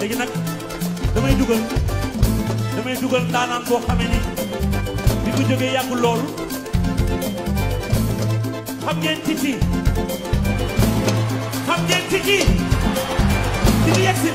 léegi nag damay dugal damay dugal ndaanaan boo xamee ni bi mu jógee yàggul loolu xam ngeen Titi xam ngeen Titi Titi yegg si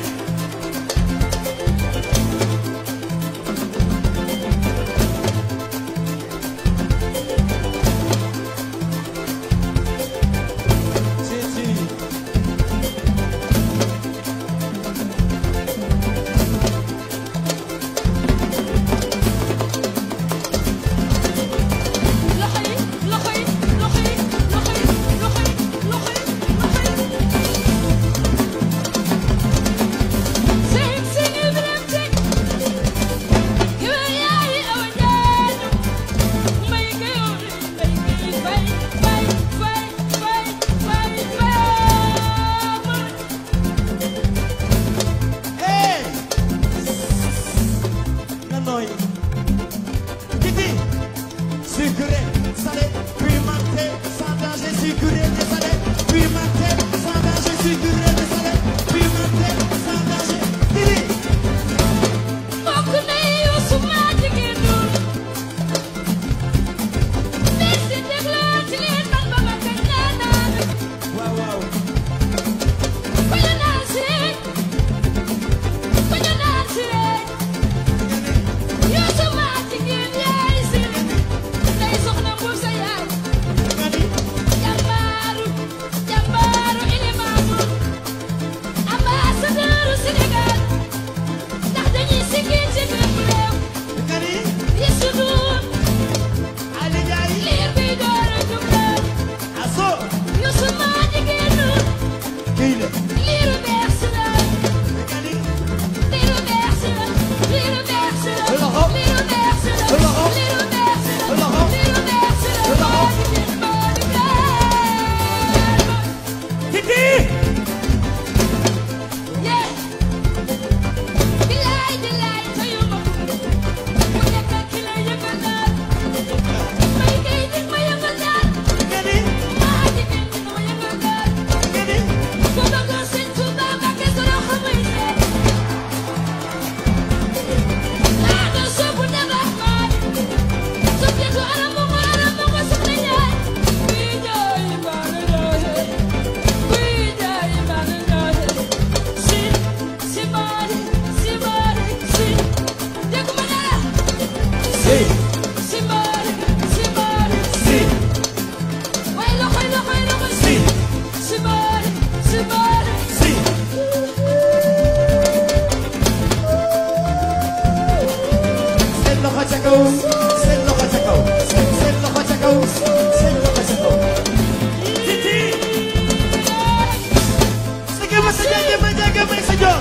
Segera saja dia menjaga Messenger.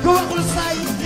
Gua kulsai